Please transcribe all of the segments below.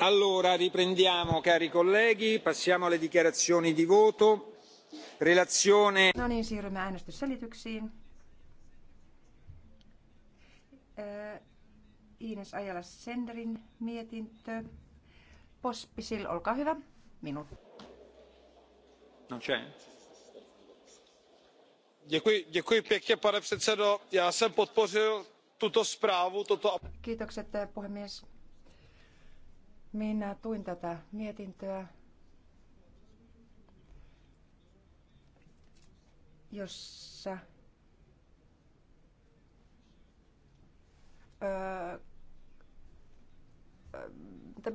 allora riprendiamo cari colleghi passiamo alle dichiarazioni di voto relazione no niin siirrymme äänestysselityksiin äh, Ines Ajala Senderin mietintö Pospisil olkaa hyvä minuutti non c'è Děkuji, děkuji pěkně, pane předsedo já jsem podpořil tuto zprávu toto Kiitokset äh, puhemies minä tuin tätä mietintöä. jossa öö,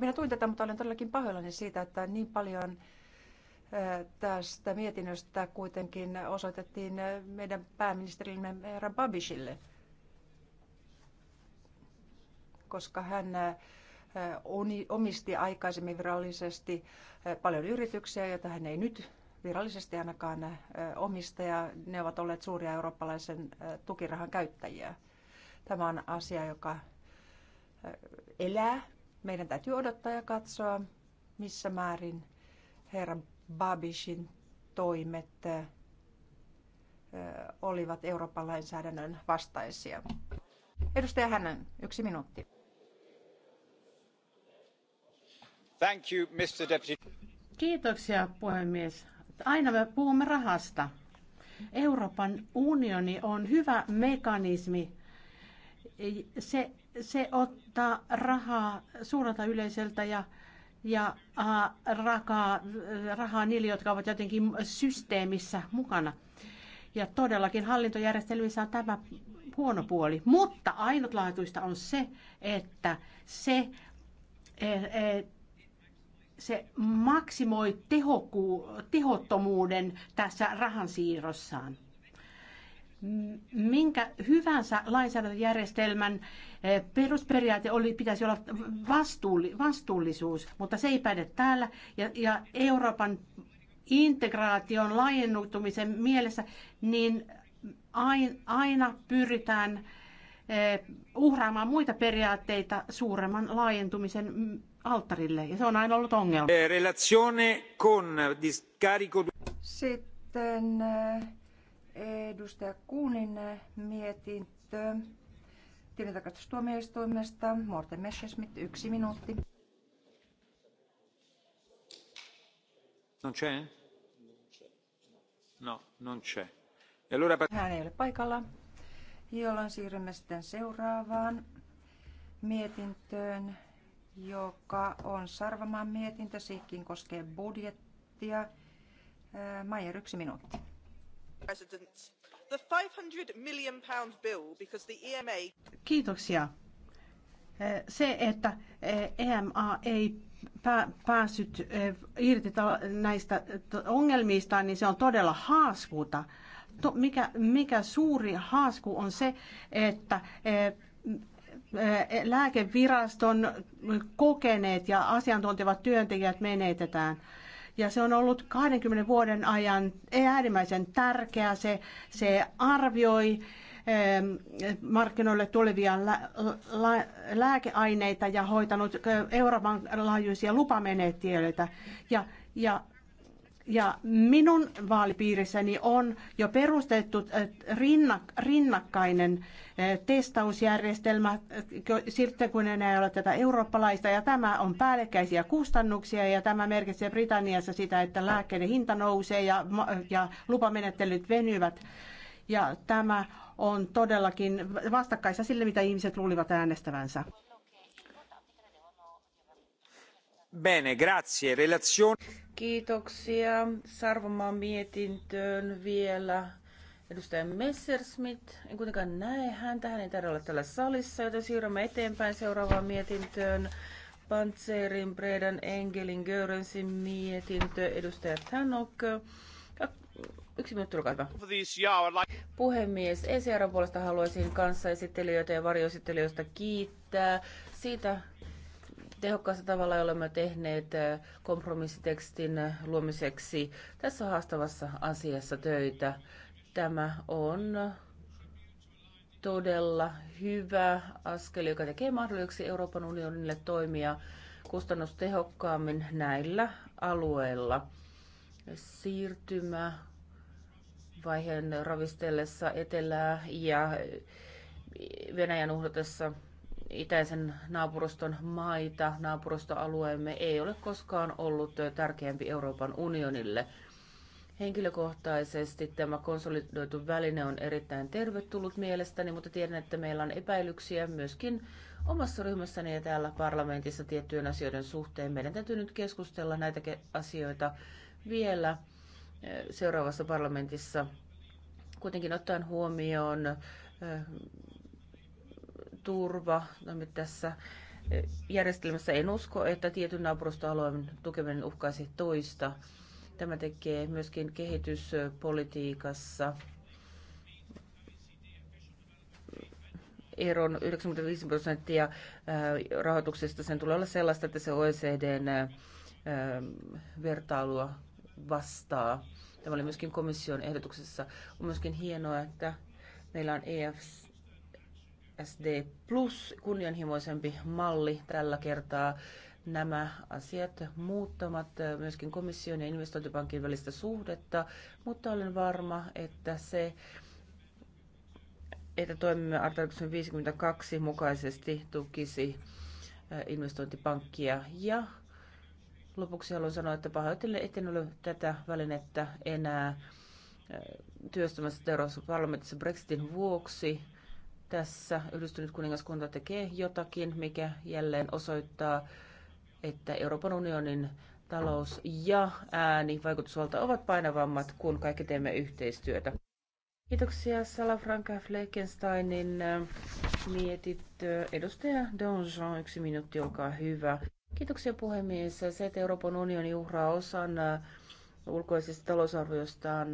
minä tuin tätä, mutta olen todellakin pahoillani siitä, että niin paljon tästä mietinnöstä kuitenkin osoitettiin meidän pääministerillemme herra Babishille, koska hän omisti aikaisemmin virallisesti paljon yrityksiä, joita hän ei nyt virallisesti ainakaan omista, ja ne ovat olleet suuria eurooppalaisen tukirahan käyttäjiä. Tämä on asia, joka elää. Meidän täytyy odottaa ja katsoa, missä määrin herra Babishin toimet olivat Euroopan lainsäädännön vastaisia. Edustaja Hännän, yksi minuutti. Kiitoksia puhemies. Aina me puhumme rahasta. Euroopan unioni on hyvä mekanismi. Se, se ottaa rahaa suurelta yleisöltä ja, ja rahaa, rahaa niille, jotka ovat jotenkin systeemissä mukana. Ja todellakin hallintojärjestelmissä on tämä huono puoli. Mutta ainutlaatuista on se, että se e, e, se maksimoi tehokuu, tehottomuuden tässä rahansiirrossaan. Minkä hyvänsä lainsäädäntöjärjestelmän eh, perusperiaate oli, pitäisi olla vastuulli, vastuullisuus, mutta se ei päde täällä. Ja, ja Euroopan integraation laajennutumisen mielessä, niin aina pyritään eh, uhraamaan muita periaatteita suuremman laajentumisen alttarille ja se on aina ollut ongelma. Eh, relazione con discarico... Sitten eh, edustaja Kuunin mietintö tilintarkastustuomioistuimesta. Morten Messerschmidt, yksi minuutti. Non c'è? No, non c'è. E allora... Hän ei ole paikalla, jolloin siirrymme sitten seuraavaan mietintöön joka on Sarvamaan mietintö. Siihenkin koskee budjettia. Maijer, yksi minuutti. E Kiitoksia. Se, että EMA ei päässyt irti näistä ongelmista, niin se on todella haaskuuta. Mikä, mikä suuri haasku on se, että lääkeviraston kokeneet ja asiantuntevat työntekijät menetetään. Ja se on ollut 20 vuoden ajan äärimmäisen tärkeä. Se, se arvioi markkinoille tulevia lääkeaineita ja hoitanut Euroopan laajuisia lupamenettelyitä. Ja, ja ja minun vaalipiirissäni on jo perustettu äh, rinnakkainen äh, testausjärjestelmä, äh, sitten kun enää ei ole tätä eurooppalaista, ja tämä on päällekkäisiä kustannuksia, ja tämä merkitsee Britanniassa sitä, että lääkkeiden hinta nousee ja, ja lupamenettelyt venyvät. Ja tämä on todellakin vastakkaisa sille, mitä ihmiset luulivat äänestävänsä. Bene, grazie. Relazione... Kiitoksia. Sarvomaan mietintöön vielä edustaja Messerschmidt. En kuitenkaan näe häntä, hän ei taida olla täällä salissa, joten siirrymme eteenpäin seuraavaan mietintöön. Panzerin, Bredan, Engelin, Görensin mietintö, edustaja Tanok. Yksi minuutti, olkaa hyvä. Puhemies, ECR puolesta haluaisin kanssa esittelijöitä ja varjoesittelijöistä kiittää siitä tehokkaassa tavalla, olemme tehneet kompromissitekstin luomiseksi tässä haastavassa asiassa töitä. Tämä on todella hyvä askel, joka tekee mahdolliseksi Euroopan unionille toimia kustannustehokkaammin näillä alueilla. Siirtymä vaiheen ravistellessa etelää ja Venäjän uhdotessa itäisen naapuruston maita, naapurustoalueemme ei ole koskaan ollut tärkeämpi Euroopan unionille. Henkilökohtaisesti tämä konsolidoitu väline on erittäin tervetullut mielestäni, mutta tiedän, että meillä on epäilyksiä myöskin omassa ryhmässäni ja täällä parlamentissa tiettyjen asioiden suhteen. Meidän täytyy nyt keskustella näitä asioita vielä eh, seuraavassa parlamentissa. Kuitenkin ottaen huomioon eh, turva no, tässä e, järjestelmässä. En usko, että tietyn naapurustoalueen tukeminen uhkaisi toista. Tämä tekee myöskin kehityspolitiikassa eron 95 prosenttia rahoituksesta. Sen tulee olla sellaista, että se OECDn vertailua vastaa. Tämä oli myöskin komission ehdotuksessa. On myöskin hienoa, että meillä on EFC SD Plus, kunnianhimoisempi malli tällä kertaa. Nämä asiat muuttamat myöskin komission ja investointipankin välistä suhdetta, mutta olen varma, että se, että toimimme artikkelin 52 mukaisesti, tukisi investointipankkia. Ja lopuksi haluan sanoa, että pahoittelen, etten ole tätä välinettä enää työstämässä Euroopan parlamentissa Brexitin vuoksi tässä yhdistynyt kuningaskunta tekee jotakin, mikä jälleen osoittaa, että Euroopan unionin talous ja ääni vaikutusvalta ovat painavammat, kun kaikki teemme yhteistyötä. Kiitoksia Franka Fleckensteinin äh, mietintö. Edustaja Donjon, yksi minuutti, olkaa hyvä. Kiitoksia puhemies. Se, että Euroopan unioni uhraa osan äh, ulkoisesta talousarviostaan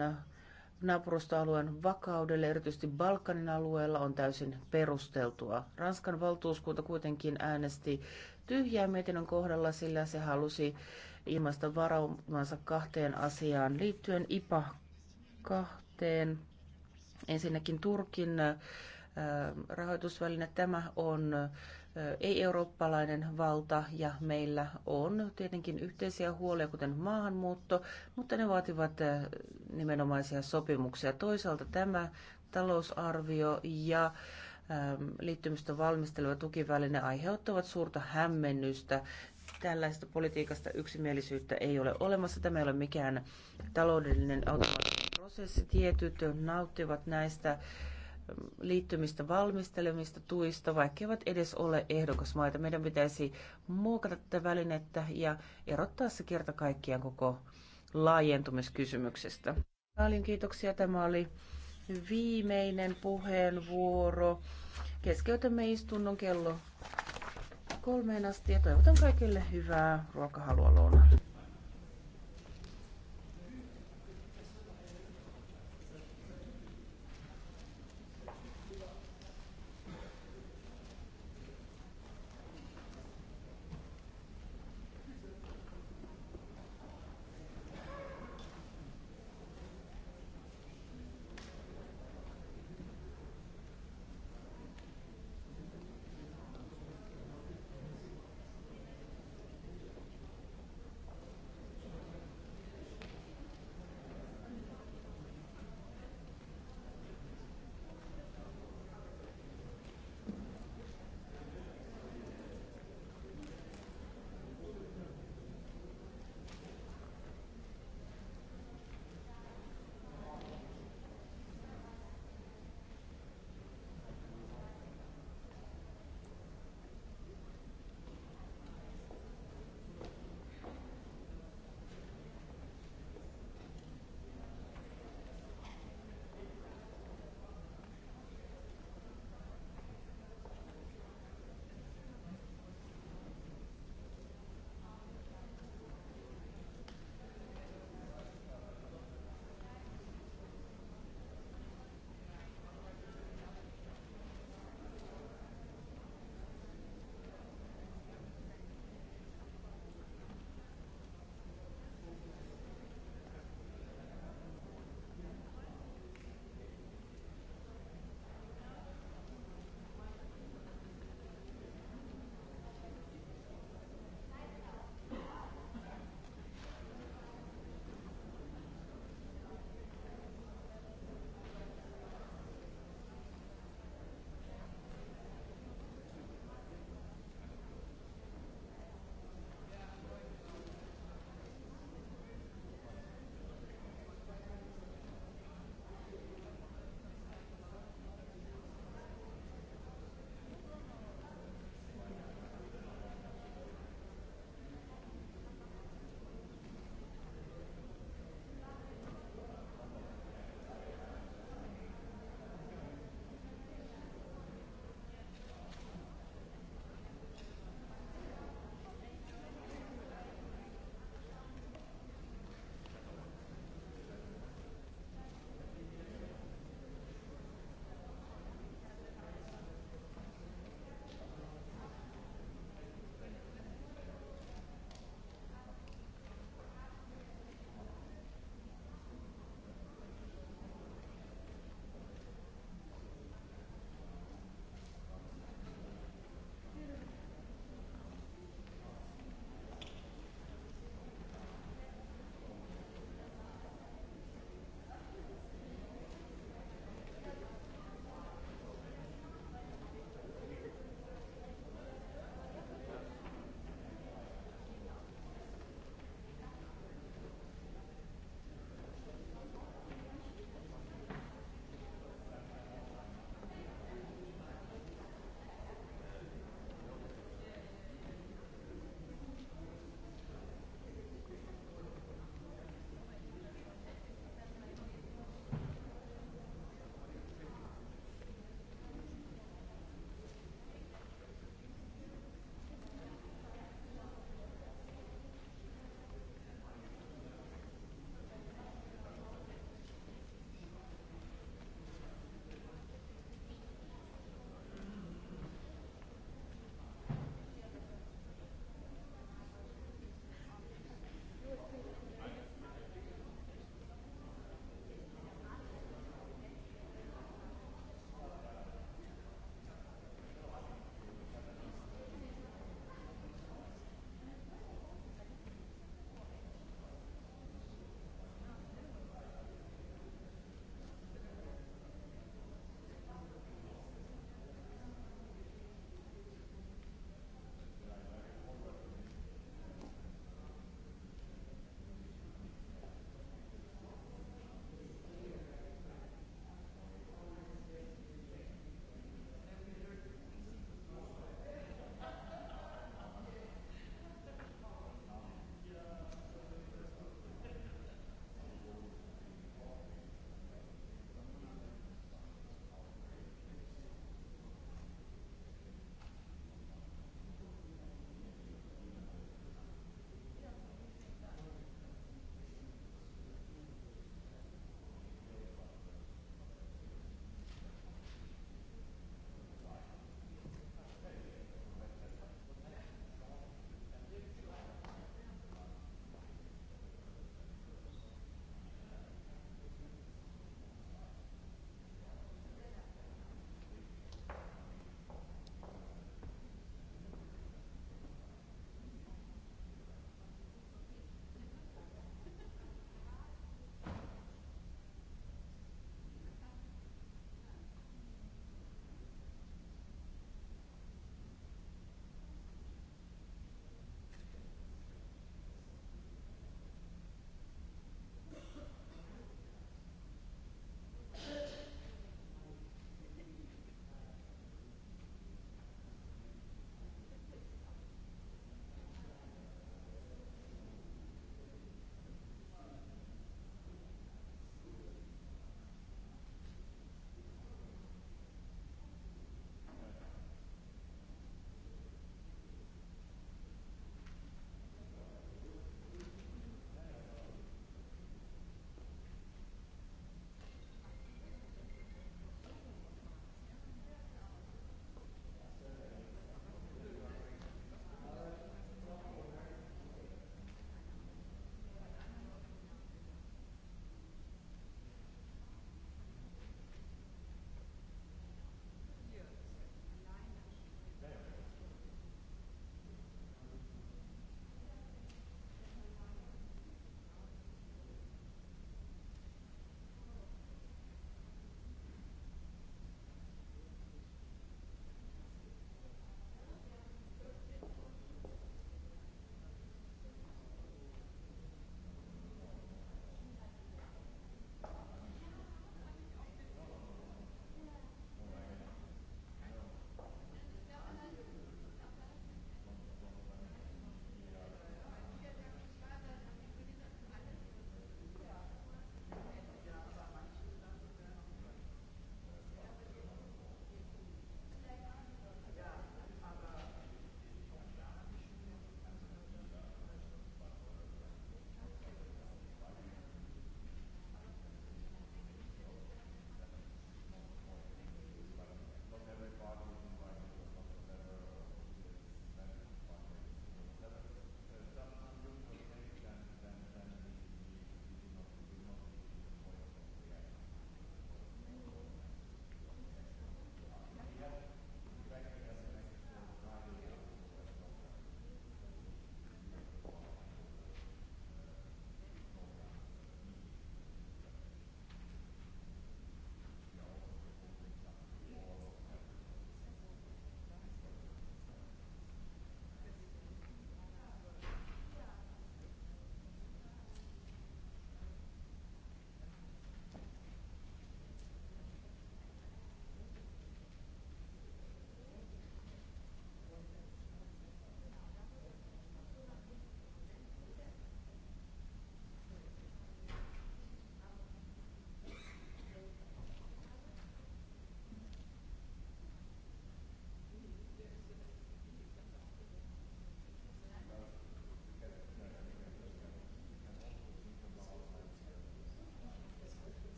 naapurustoalueen vakaudelle, erityisesti Balkanin alueella, on täysin perusteltua. Ranskan valtuuskunta kuitenkin äänesti tyhjää mietinnön kohdalla, sillä se halusi ilmaista varaumansa kahteen asiaan liittyen IPA kahteen. Ensinnäkin Turkin rahoitusväline. Tämä on ei-eurooppalainen valta ja meillä on tietenkin yhteisiä huolia, kuten maahanmuutto, mutta ne vaativat nimenomaisia sopimuksia. Toisaalta tämä talousarvio ja liittymistä valmisteleva tukiväline aiheuttavat suurta hämmennystä. Tällaista politiikasta yksimielisyyttä ei ole olemassa. Tämä ei ole mikään taloudellinen automaattinen prosessi. Tietyt nauttivat näistä liittymistä valmistelemista tuista, vaikka eivät edes ole ehdokasmaita. Meidän pitäisi muokata tätä välinettä ja erottaa se kerta kaikkiaan koko laajentumiskysymyksestä. Paljon kiitoksia. Tämä oli viimeinen puheenvuoro. Keskeytämme istunnon kello kolmeen asti ja toivotan kaikille hyvää ruokahalua lounalle.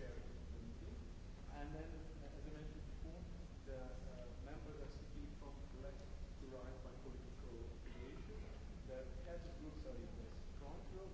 chair of And then, as I mentioned before, the uh, members are sitting from left to right by political affiliation. The heads of groups are in the front row.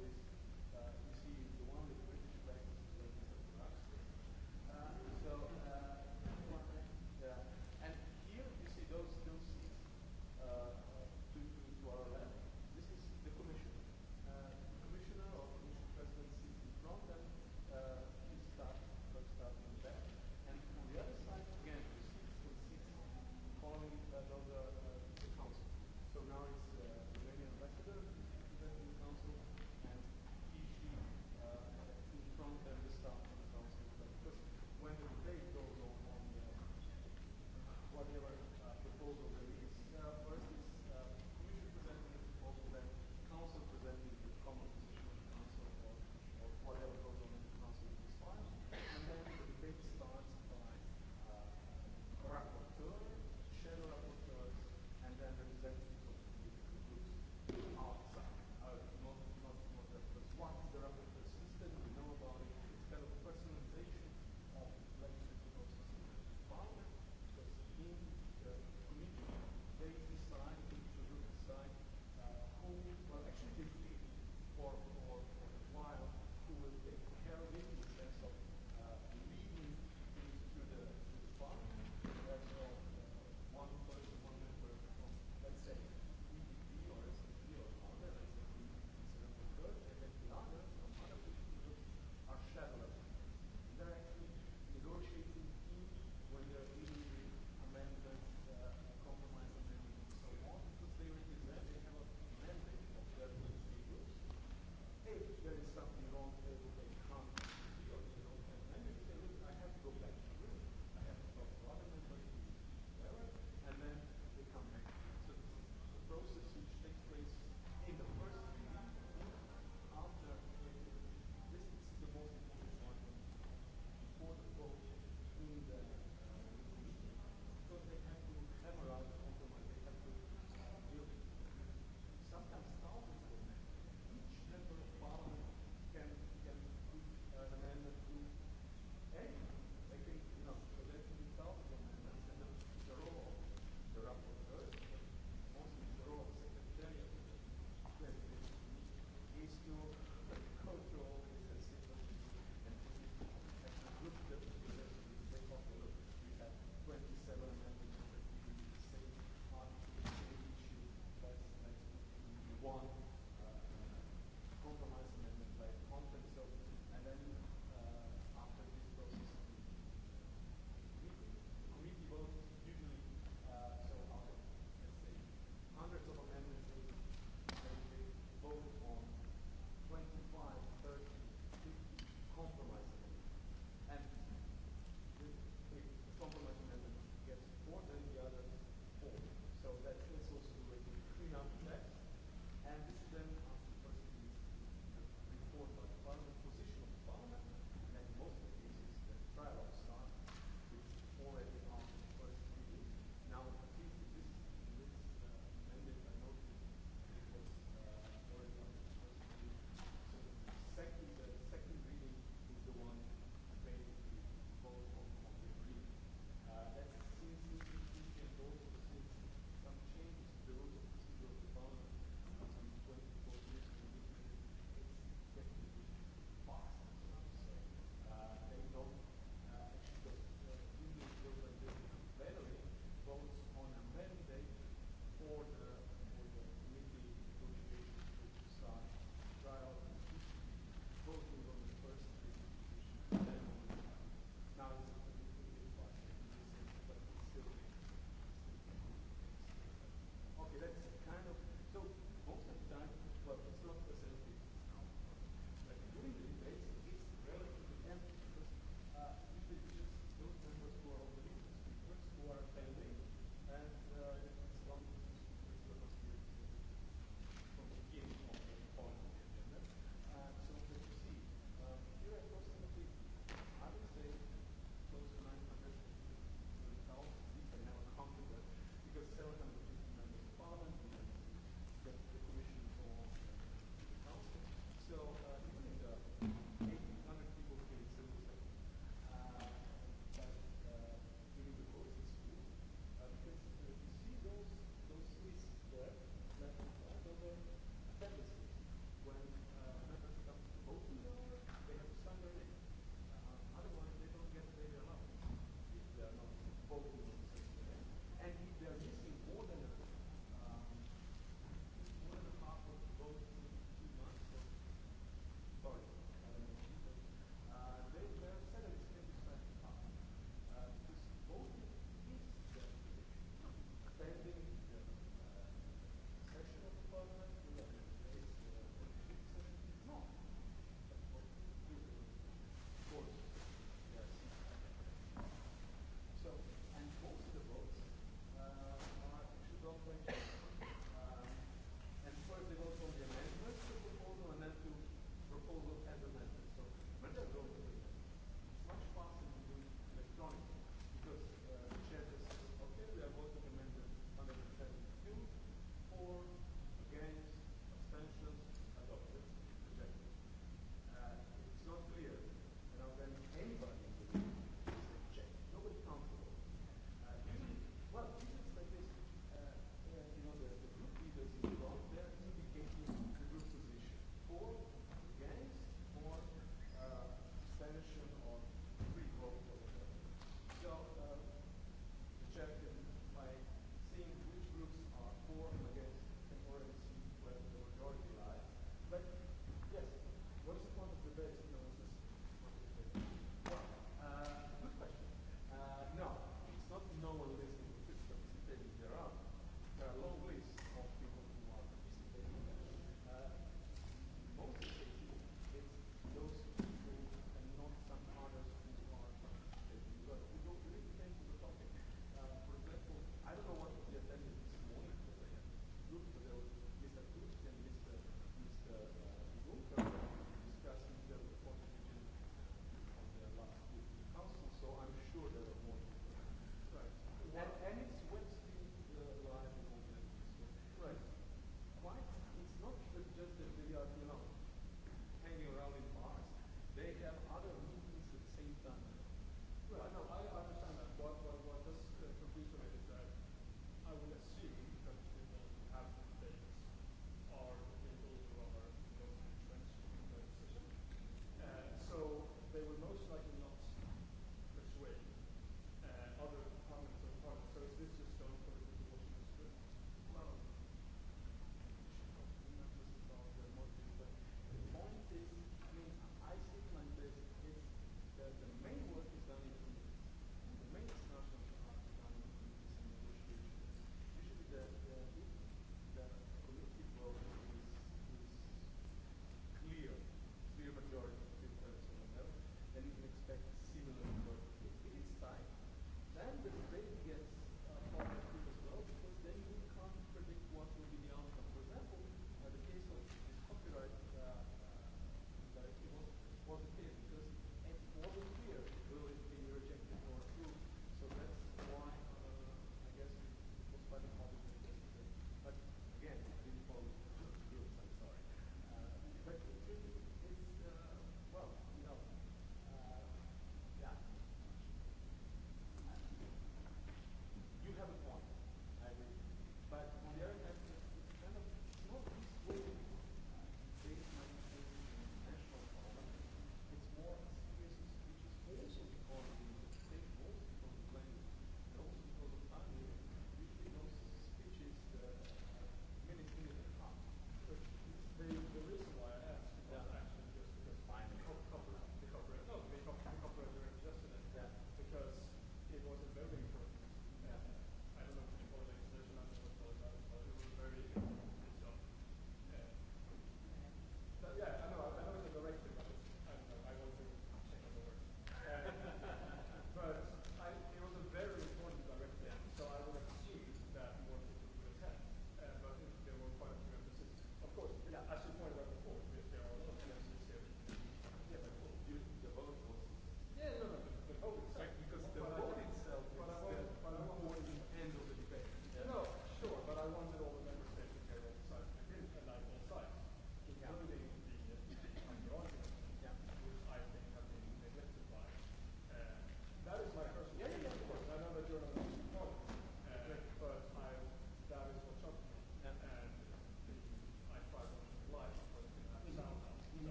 whatever